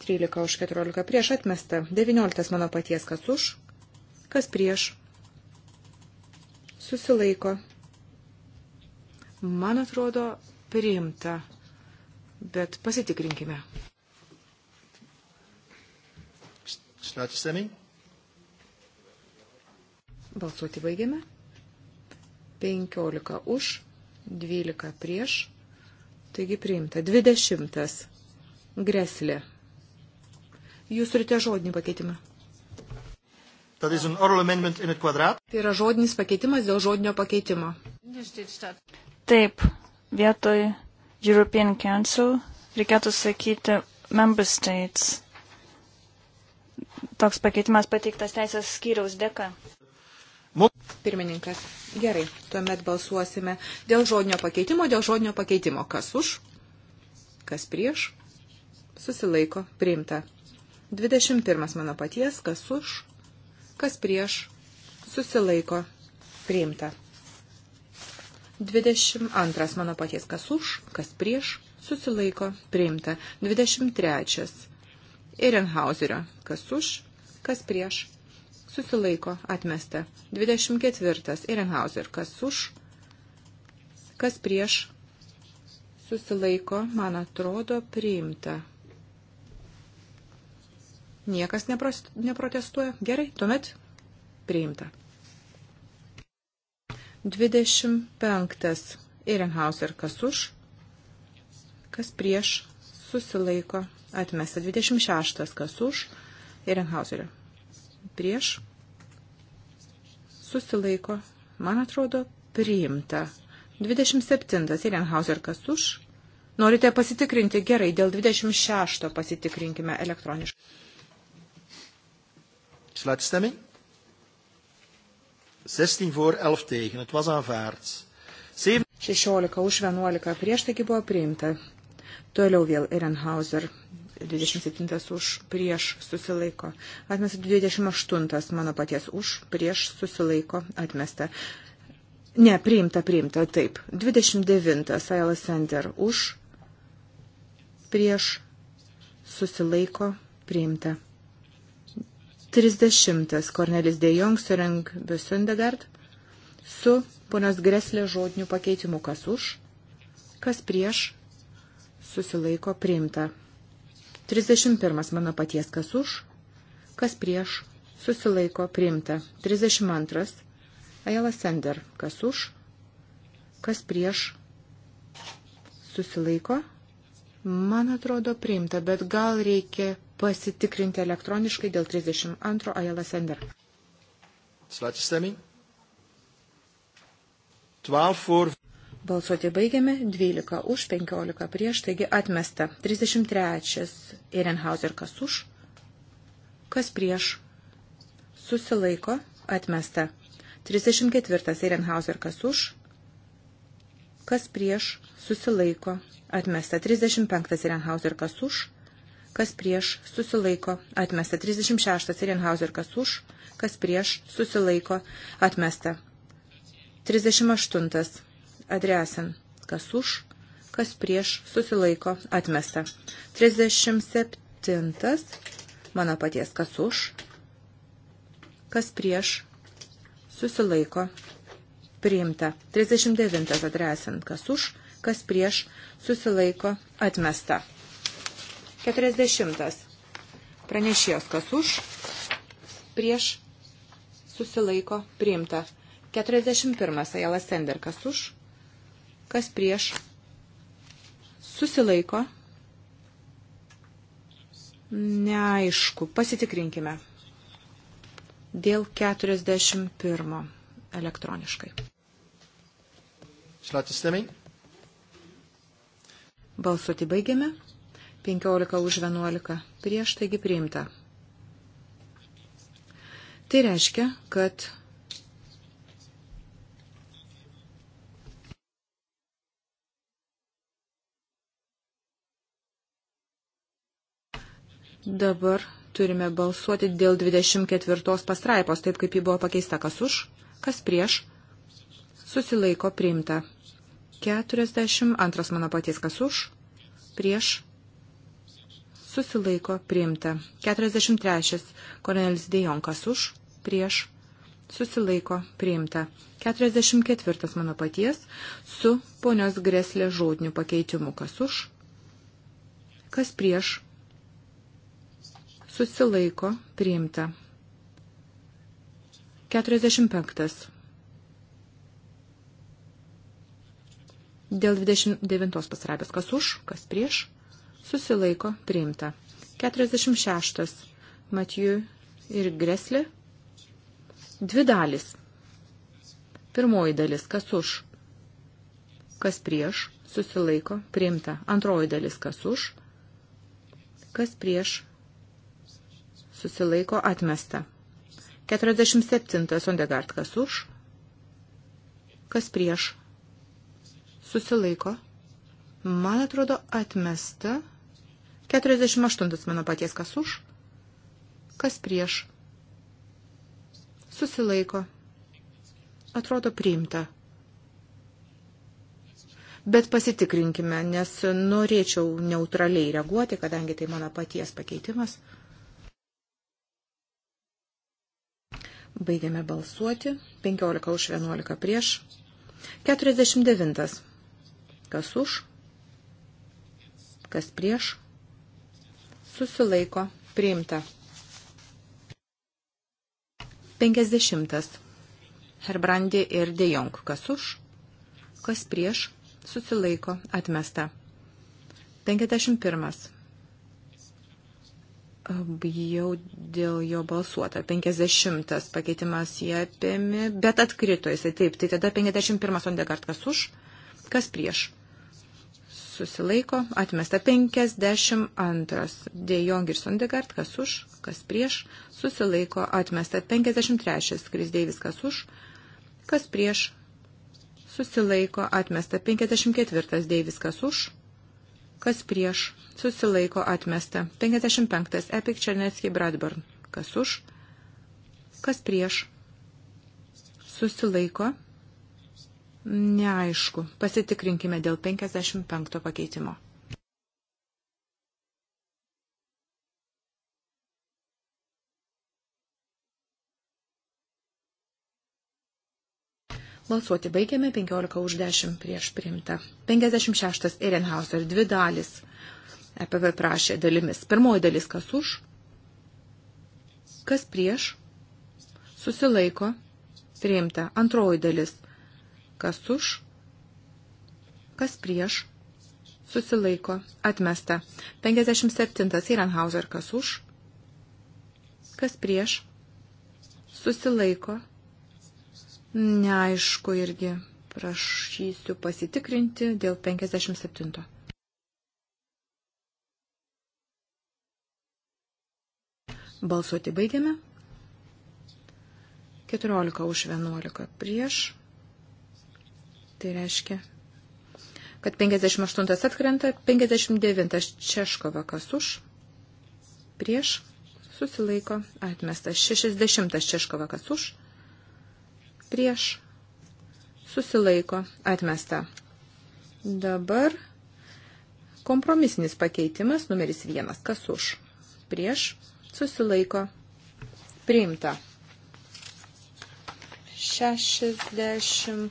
13 už 14 prieš atmesta. 19 mano paties kas už, kas prieš. Susilaiko. Man atrodo, priimta. Bet pasitikrinkime. Startstemming. Balsuoti baigiame. 15 už, 12 prieš. Taigi priimta. 20. Greslė. Jūs turite žodinį pakeitimą. Tai yra žodinis pakeitimas dėl žodinio pakeitimo. Taip, vietoj European Council reikėtų sakyti Member States. Toks pakeitimas pateiktas teisės skyriaus dėka. Pirmininkas, gerai, tuomet balsuosime dėl žodinio pakeitimo, dėl žodinio pakeitimo. Kas už, kas prieš, susilaiko, priimta. 21 mano paties, kas už, kas prieš, susilaiko, priimta. 22 mano paties, kas už, kas prieš, susilaiko, priimta. 23 Ehrenhauserio, kas už, kas prieš, susilaiko atmesta. 24. Irenhauser, kas už, kas prieš, susilaiko, man atrodo, priimta. Niekas nepros, neprotestuoja. Gerai, tuomet priimta. 25. Irenhauser, kas už, kas prieš, susilaiko, atmesta. 26. kas už, Irenhauserio prieš susilaiko, man atrodo, priimta. 27. Irenhauser kas už? Norite pasitikrinti gerai, dėl 26 pasitikrinkime elektroniškai. Sluitstemming. 16 voor 11 tegen. Het was aanvaard. 16 už 11 prieš, taigi buvo priimta. Toliau vėl Ehrenhauser. 27 už prieš susilaiko. Atmesta 28 mano paties už prieš susilaiko. Atmesta. Ne, priimta, priimta, taip. 29 Aila Sender už prieš susilaiko. Priimta. 30 Kornelis Dejong Sureng Besundegard su ponios Greslė žodiniu pakeitimu kas už, kas prieš susilaiko priimta. 31 mano paties kas už, kas prieš, susilaiko priimta. 32 Aela Sender kas už, kas prieš, susilaiko. Man atrodo priimta, bet gal reikia pasitikrinti elektroniškai dėl 32 Aela Sender. Sluitstemming. 12 voor. Balsuoti baigiame 12 už, 15 prieš, taigi atmesta. 33. Ehrenhauser kas už, kas prieš, susilaiko, atmesta. 34. Ehrenhauser kas už, kas prieš, susilaiko, atmesta. 35. Ehrenhauser kas už, kas prieš, susilaiko, atmesta. 36. Ehrenhauser kas už, kas prieš, susilaiko, atmesta. 38 adresan. Kas už, kas prieš susilaiko atmesta. 37. Mano paties kas už, kas prieš susilaiko priimta. 39. Adresan. Kas už, kas prieš susilaiko atmesta. 40. Pranešėjos kas už, prieš susilaiko priimta. 41. Ajala Sender kas už, kas prieš, susilaiko, neaišku, pasitikrinkime dėl 41 elektroniškai. Šlatistemi. Balsuoti baigiame. 15 už 11 prieš, taigi priimta. Tai reiškia, kad Dabar turime balsuoti dėl 24 pastraipos, taip kaip ji buvo pakeista. Kas už, kas prieš, susilaiko priimta. 42 mano paties kas už, prieš, susilaiko priimta. 43 Kornelis Dejon kas už, prieš, susilaiko priimta. 44 mano paties su ponios greslė žodiniu pakeitimu kas už, kas prieš, susilaiko priimta. 45. Dėl 29 pasirabės, kas už, kas prieš, susilaiko priimta. 46. Matijų ir Greslė. Dvi dalis. Pirmoji dalis, kas už, kas prieš, susilaiko priimta. Antroji dalis, kas už, kas prieš, susilaiko atmesta. 47. Sondegard kas už, kas prieš, susilaiko, man atrodo atmesta. 48. Mano paties kas už, kas prieš, susilaiko, atrodo priimta. Bet pasitikrinkime, nes norėčiau neutraliai reaguoti, kadangi tai mano paties pakeitimas. Baigiame balsuoti. 15 už 11 prieš. 49. Kas už? Kas prieš? Susilaiko. Priimta. 50. Herbrandi ir Dejong. Kas už? Kas prieš? Susilaiko. Atmesta. 51. Bijau dėl jo balsuota. 50 pakeitimas jie apėmė, bet atkrito jisai taip. Tai tada 51 Sondegard kas už, kas prieš. Susilaiko, atmesta 52. Dejong ir Sondegard kas už, kas prieš. Susilaiko, atmesta 53. Kris Deivis kas už, kas prieš. Susilaiko, atmesta 54. Deivis kas už, kas prieš, susilaiko atmesta. 55. Epik Černetski Bradburn, kas už, kas prieš, susilaiko, neaišku. Pasitikrinkime dėl 55 pakeitimo. Balsuoti baigiame 15 už 10 prieš primtą. 56 Ehrenhauser, dvi dalis. EPV prašė dalimis. Pirmoji dalis kas už, kas prieš, susilaiko, priimta. Antroji dalis kas už, kas prieš, susilaiko, atmesta. 57 Ehrenhauser, kas už, kas prieš, susilaiko, atmesta Neaišku irgi. Prašysiu pasitikrinti dėl 57. Balsuoti baigiame. 14 už 11 prieš. Tai reiškia, kad 58 atkrenta, 59 Češkova kas už, prieš, susilaiko, atmestas 60 Češkova kas už, prieš susilaiko atmesta. Dabar kompromisinis pakeitimas numeris vienas. Kas už? Prieš susilaiko priimta. 62,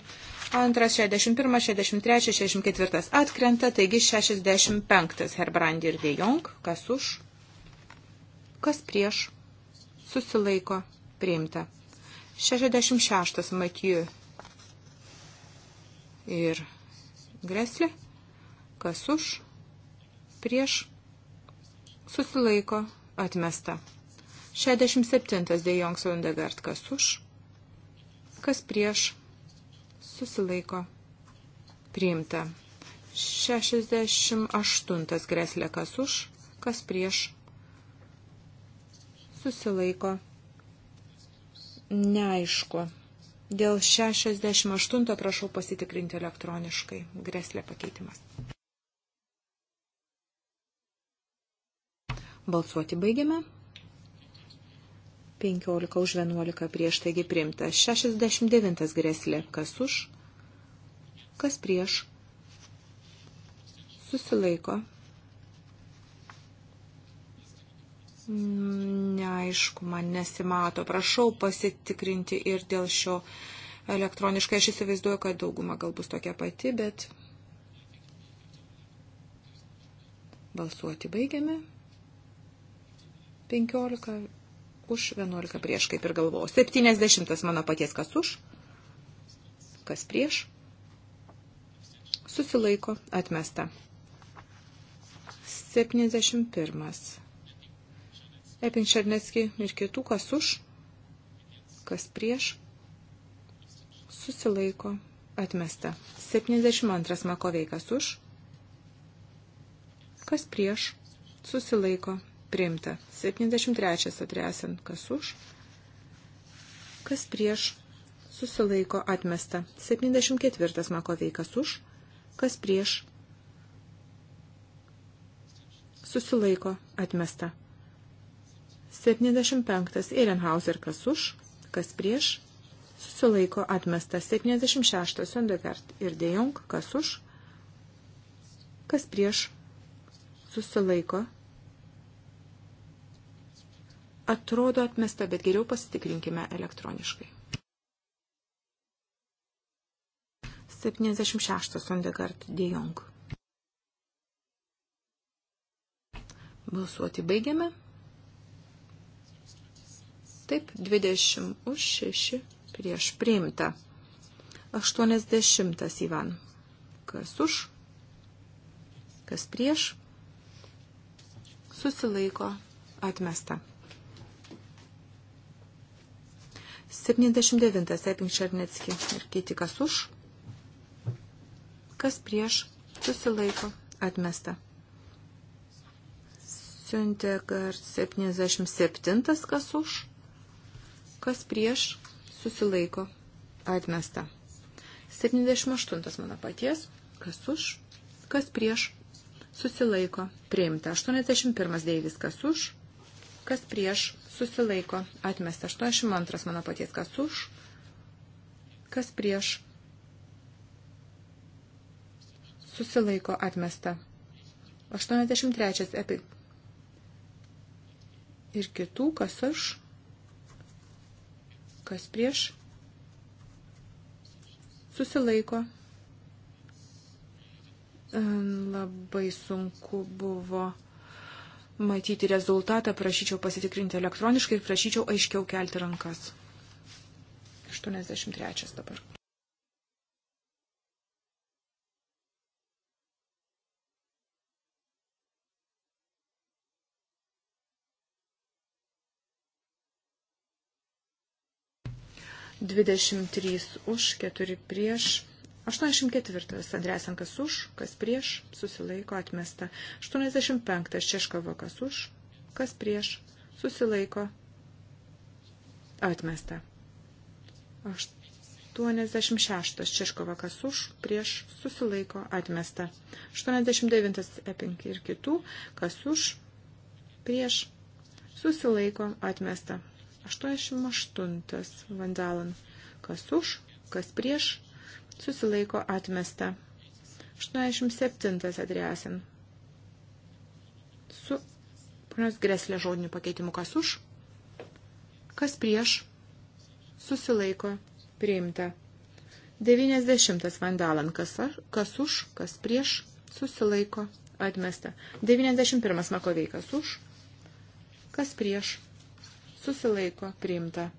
61, 63, 64 atkrenta, taigi 65 Herbrandi ir Dejong. Kas už? Kas prieš? Susilaiko priimta. 66 Matijų ir Greslė, kas už, prieš, susilaiko, atmesta. 67 Dejongs Vandegard, kas už, kas prieš, susilaiko, priimta. 68 Greslė, kas už, kas prieš, susilaiko, priimta neaišku. Dėl 68 prašau pasitikrinti elektroniškai. Greslė pakeitimas. Balsuoti baigiame. 15 už 11 prieš taigi primta. 69 greslė. Kas už? Kas prieš? Susilaiko. Neaišku, man nesimato. Prašau pasitikrinti ir dėl šio elektroniškai. Aš įsivaizduoju, kad dauguma gal bus tokia pati, bet balsuoti baigiame. 15 už, 11 prieš, kaip ir galvojau. 70 mano paties kas už, kas prieš. Susilaiko, atmesta. 71. Epin Černecki ir kitų, kas už, kas prieš, susilaiko, atmesta. 72 Makoveikas už, kas prieš, susilaiko, priimta. 73 Atresen, kas už, kas prieš, susilaiko, atmesta. 74 Makoveikas už, kas prieš, susilaiko, atmesta. 75. Ehrenhauser kas už, kas prieš, susilaiko atmestas. 76. Sondegard ir Dejong kas už, kas prieš, susilaiko. Atrodo atmesta, bet geriau pasitikrinkime elektroniškai. 76. Sondegard Dejong. Balsuoti baigiame. Taip, 20 už 6 prieš priimta. 80 Ivan. Kas už? Kas prieš? Susilaiko atmesta. 79 Epink Černecki ir kiti kas už? Kas prieš? Susilaiko atmesta siuntė gar 77 kas už, Kas prieš susilaiko atmesta. 78 mano paties. Kas už? Kas prieš susilaiko priimta. 81 Deivis. Kas už? Kas prieš susilaiko atmesta. 82 mano paties. Kas už? Kas prieš susilaiko atmesta. 83 epik ir kitų, kas aš kas prieš, susilaiko. Labai sunku buvo matyti rezultatą, prašyčiau pasitikrinti elektroniškai ir prašyčiau aiškiau kelti rankas. 83 dabar. 23 už, 4 prieš. 84. Andresankas už, kas prieš, susilaiko atmesta. 85. Češkavo kas už, kas prieš, susilaiko atmesta. 86. Češkova kas už, prieš, susilaiko atmesta. 89. Epink ir kitų, kas už, prieš, susilaiko atmesta. 88 Vandalan. Kas už, kas prieš, susilaiko atmesta. 87 Adriasin. Su ponios greslė žodiniu pakeitimu kas už, kas prieš, susilaiko priimta. 90 Vandalan. Kas, ar, kas už, kas prieš, susilaiko atmesta. 91 Makoveikas už, kas prieš, susilaiko priimta.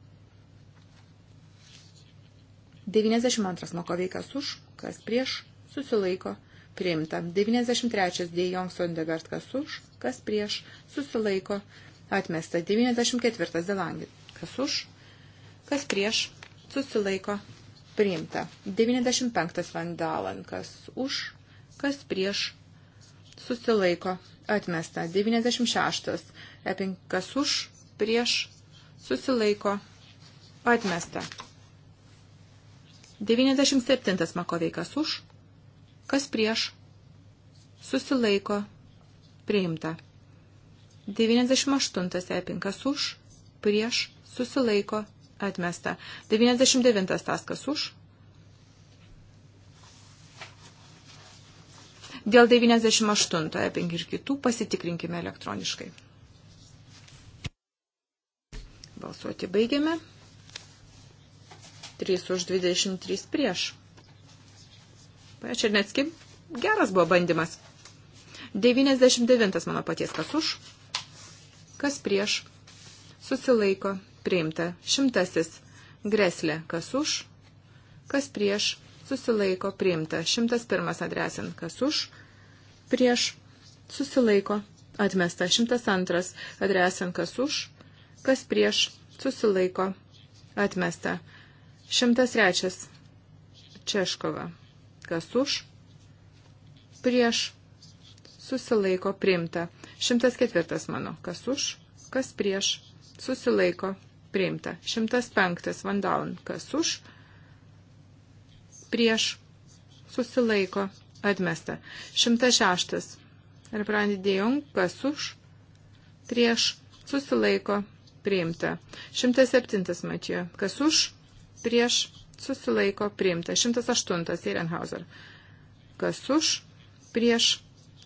92 nuo ko veikas už, kas prieš, susilaiko priimta. 93 Dėjong Sondegard kas už, kas prieš, susilaiko atmesta. 94 Zelangit kas už, kas prieš, susilaiko priimta. 95 Vandalan kas už, kas prieš, susilaiko atmesta. 96 Epinkas už, prieš, susilaiko, atmesta. 97 makoveikas už, kas prieš, susilaiko, priimta. 98 epinkas už, prieš, susilaiko, atmesta. 99 taskas už. Dėl 98 epink ir kitų pasitikrinkime elektroniškai. Balsuoti baigiame. 3 už 23 prieš. Pane Černecki, geras buvo bandymas. 99 mano paties kas už, kas prieš. Susilaiko, priimta. Šimtasis. Greslė, kas už, kas prieš. Susilaiko, priimta. Šimtas pirmas adresin, kas už, prieš. Susilaiko, atmesta. Šimtas antras adresin, kas už, Kas prieš? Susilaiko. Atmesta. 103. Češkova. Kas už? Prieš. Susilaiko. Priimta. 104 mano. Kas už? Kas prieš? Susilaiko. Priimta. 105 Vandaun. Kas už? Prieš. Susilaiko. Atmesta. 106. Rebrandi Dejong. Kas už? Prieš. Susilaiko priimta. 107 Matijo, kas už, prieš, susilaiko, priimta. 108 Eirenhauser, kas už, prieš,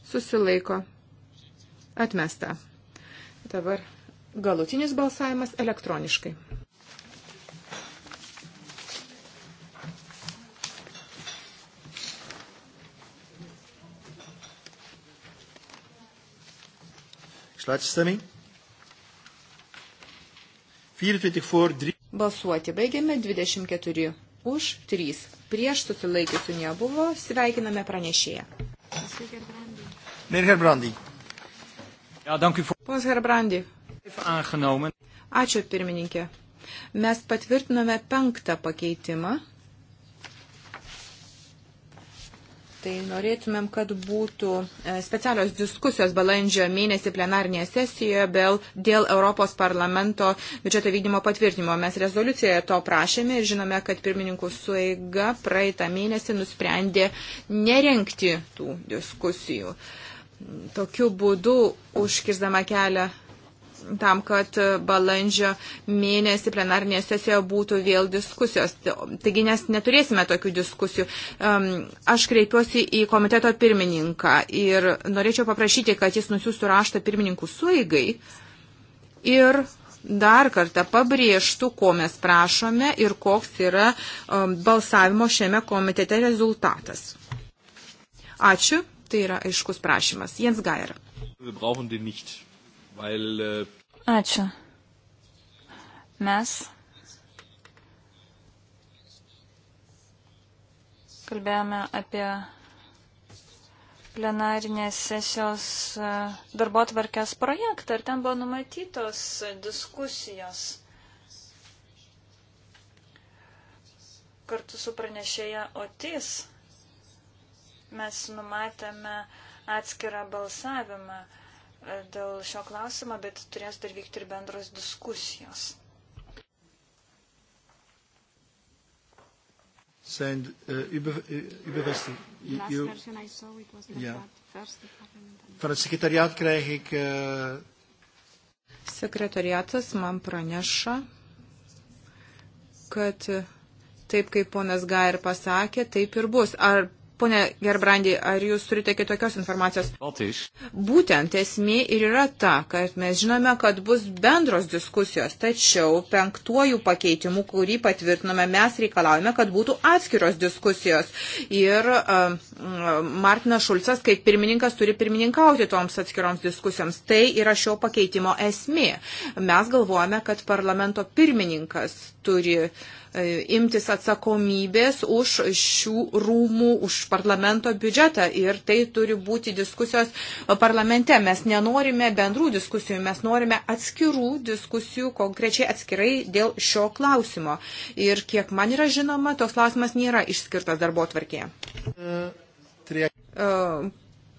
susilaiko, atmesta. Dabar galutinis balsavimas elektroniškai. Šlačstami. 24 voor 3. Balsuoti baigėme 24 už 3. Prieš susilaikiusių nebuvo. Sveikiname pranešėją. Meneer Herbrandy. Ja, dank u voor. Pons Herbrandi. Aangenomen. Ačiū pirmininkė. Mes patvirtinome penktą pakeitimą tai norėtumėm, kad būtų e, specialios diskusijos balandžio mėnesį plenarnėje sesijoje dėl, dėl Europos parlamento biudžeto vykdymo patvirtinimo. Mes rezoliucijoje to prašėme ir žinome, kad pirmininkų sueiga praeitą mėnesį nusprendė nerenkti tų diskusijų. Tokiu būdu užkirzdama kelią tam, kad balandžio mėnesį plenarnėje sesijoje būtų vėl diskusijos. Taigi mes neturėsime tokių diskusijų. Aš kreipiuosi į komiteto pirmininką ir norėčiau paprašyti, kad jis nusiųstų raštą pirmininkų suigai ir dar kartą pabrėžtų, ko mes prašome ir koks yra balsavimo šiame komitete rezultatas. Ačiū. Tai yra aiškus prašymas. Jens Gair. Wir brauchen den nicht. Weil, äh, Ačiū. Mes kalbėjome apie plenarinės sesijos e, darbo tvarkės projektą ir ten buvo numatytos diskusijos kartu su pranešėja Otis. Mes numatėme atskirą balsavimą dėl šio klausimo, bet turės dar vykti ir bendros diskusijos. Send, uh, über, über, uh, you, yeah. Van het secretariaat krijg ik. Uh... Sekretariatas man praneša, kad taip kaip ponas Gair pasakė, taip ir bus. Ar Pone Gerbrandi, ar jūs turite kitokios informacijos? Būtent esmė ir yra ta, kad mes žinome, kad bus bendros diskusijos, tačiau penktuoju pakeitimu, kurį patvirtiname, mes reikalavome, kad būtų atskiros diskusijos. Ir uh, Martinas Šulcas, kaip pirmininkas, turi pirmininkauti toms atskiroms diskusijoms. Tai yra šio pakeitimo esmė. Mes galvojame, kad parlamento pirmininkas turi. Uh, E, imtis atsakomybės už šių rūmų, už parlamento biudžetą. Ir tai turi būti diskusijos parlamente. Mes nenorime bendrų diskusijų, mes norime atskirų diskusijų, konkrečiai atskirai dėl šio klausimo. Ir kiek man yra žinoma, toks klausimas nėra išskirtas darbo tvarkėje. E,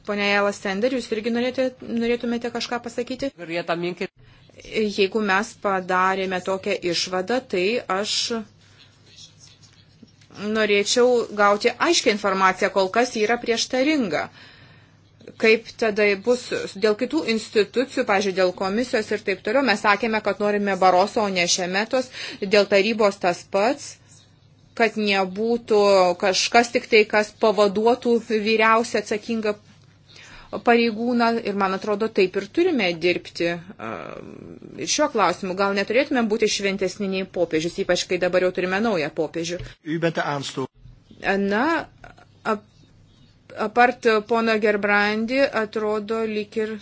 Pone Jela Sender, jūs irgi norėtumėte kažką pasakyti? Jeigu mes padarėme tokią išvadą, tai aš norėčiau gauti aiškę informaciją, kol kas yra prieštaringa. Kaip tada bus dėl kitų institucijų, pažiūrėjau, dėl komisijos ir taip toliau, mes sakėme, kad norime Baroso, o ne Šemetos, dėl tarybos tas pats kad nebūtų kažkas tik tai, kas pavaduotų vyriausią atsakingą pareigūną ir man atrodo taip ir turime dirbti e, ir šiuo klausimu. Gal neturėtume būti šventesni nei popiežius, ypač kai dabar jau turime naują popiežių. Na, ap, apart pono Gerbrandi, atrodo lik ir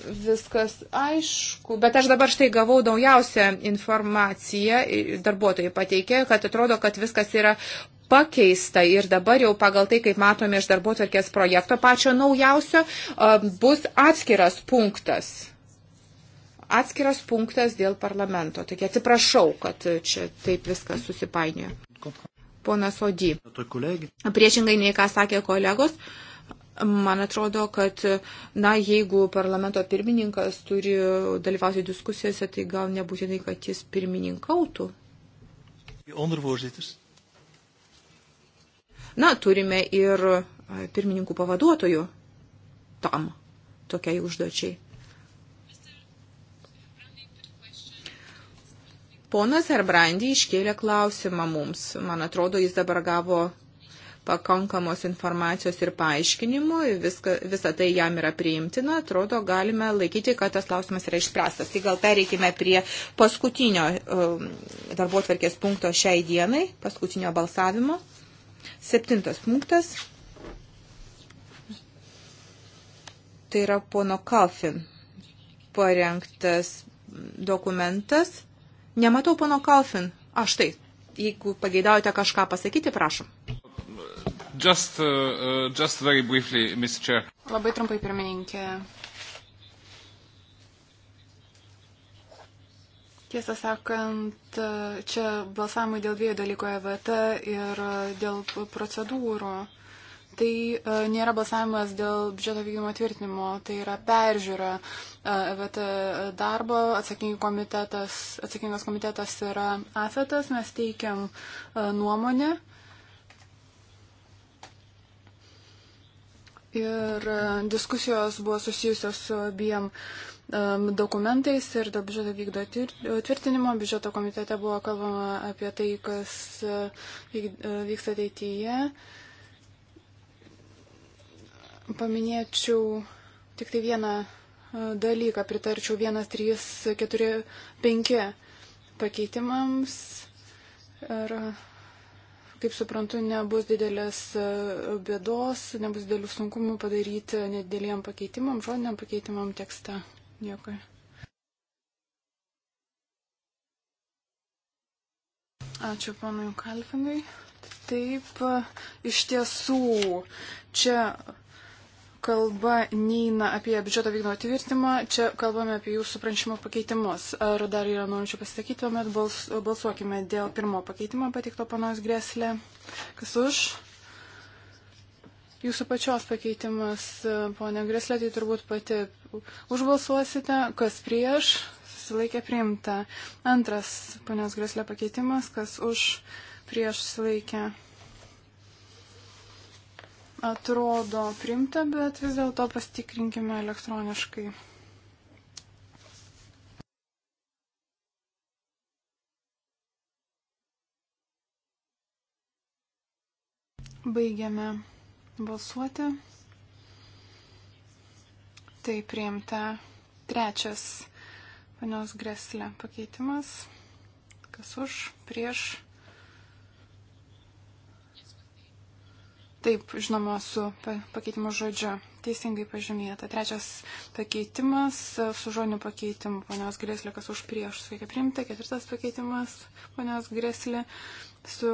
viskas aišku, bet aš dabar štai gavau naujausią informaciją, darbuotojai pateikė, kad atrodo, kad viskas yra pakeista ir dabar jau pagal tai, kaip matome iš darbo tvarkės projekto pačio naujausio, bus atskiras punktas. Atskiras punktas dėl parlamento. Taigi atsiprašau, kad čia taip viskas susipainioja. Ponas Odį. Priešingai nei ką sakė kolegos, man atrodo, kad, na, jeigu parlamento pirmininkas turi dalyvauti diskusijose, tai gal nebūtinai, kad jis pirmininkautų. Ondervoorzitters. Na, turime ir pirmininkų pavaduotojų tam tokiai užduočiai. Ponas Herbrandy iškėlė klausimą mums. Man atrodo, jis dabar gavo pakankamos informacijos ir paaiškinimų. Viska, visa tai jam yra priimtina. Atrodo, galime laikyti, kad tas klausimas yra išspręstas. Tai gal pereikime prie paskutinio um, darbo tvarkės punkto šiai dienai, paskutinio balsavimo. Septintas punktas. Tai yra pono Kalfin parengtas dokumentas. Nematau pono Kalfin. Aš tai. Jeigu pageidaujate kažką pasakyti, prašom. Just, uh, uh just very briefly, Mr. Chair. Labai trumpai, pirmininkė. Tiesą sakant, čia balsavimui dėl dviejų dalykų EVT ir dėl procedūrų. Tai e, nėra balsavimas dėl biudžeto vykdymo tvirtinimo, tai yra peržiūra EVT e darbo, komitetas, atsakingas komitetas yra AFETAS, mes teikiam e, nuomonę. Ir e, diskusijos buvo susijusios su abiem e, dokumentais ir dėl biudžeto vykdo e, tvirtinimo. Biudžeto komitete buvo kalbama apie tai, kas vyksta ateityje. Paminėčiau tik tai vieną dalyką, pritarčiau 1, 3, 4, 5 pakeitimams. Ir Kaip suprantu, nebus didelės e, bėdos, nebus didelių sunkumų padaryti nedėliem pakeitimam, žodiniam pakeitimam tekste. Dėkui. Ačiū panui Kalfinui. Taip, iš tiesų, čia kalba neina apie biudžeto vykdymo tvirtimą, čia kalbame apie jūsų pranešimo pakeitimus. Ar dar yra norinčių pasakyti, tuomet bals, balsuokime dėl pirmo pakeitimo patikto panos grėslė. Kas už? Jūsų pačios pakeitimas, ponia grėslė, tai turbūt pati užbalsuosite, kas prieš, susilaikė priimta. Antras ponios grėslė pakeitimas, kas už, prieš susilaikė priimta atrodo primta, bet vis dėlto pastikrinkime elektroniškai. Baigiame balsuoti. Tai priimta trečias panios greslė pakeitimas. Kas už, prieš Taip, žinoma, su pakeitimo žodžiu. Teisingai pažymėta. Trečias pakeitimas su žodiniu pakeitimu. Ponios Greslė, kas už prieš, sveikia priimta. Ketvirtas pakeitimas, ponios Greslė, su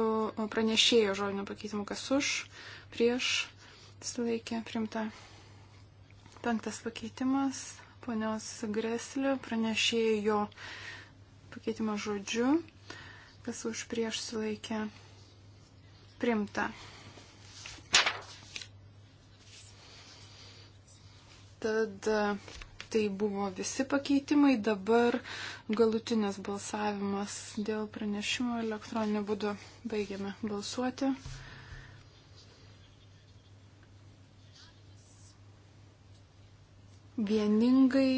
pranešėjo žodiniu pakeitimu, kas už prieš, sveikia priimta. Penktas pakeitimas, ponios Greslė, pranešėjo pakeitimo žodžiu, kas už prieš, sveikia priimta. Tad e, tai buvo visi pakeitimai. Dabar galutinės balsavimas dėl pranešimo elektroniniu būdu. Baigiame balsuoti. Vieningai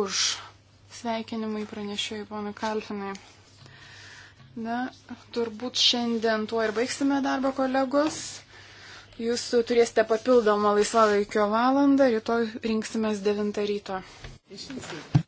už sveikinimai pranešėjai ponui Kalfinai. Na, turbūt šiandien tuo ir baigsime darbą kolegos. Jūs turėsite papildomą laisvalaikio valandą, rytoj rinksimės 9 ryto. Išimsiai.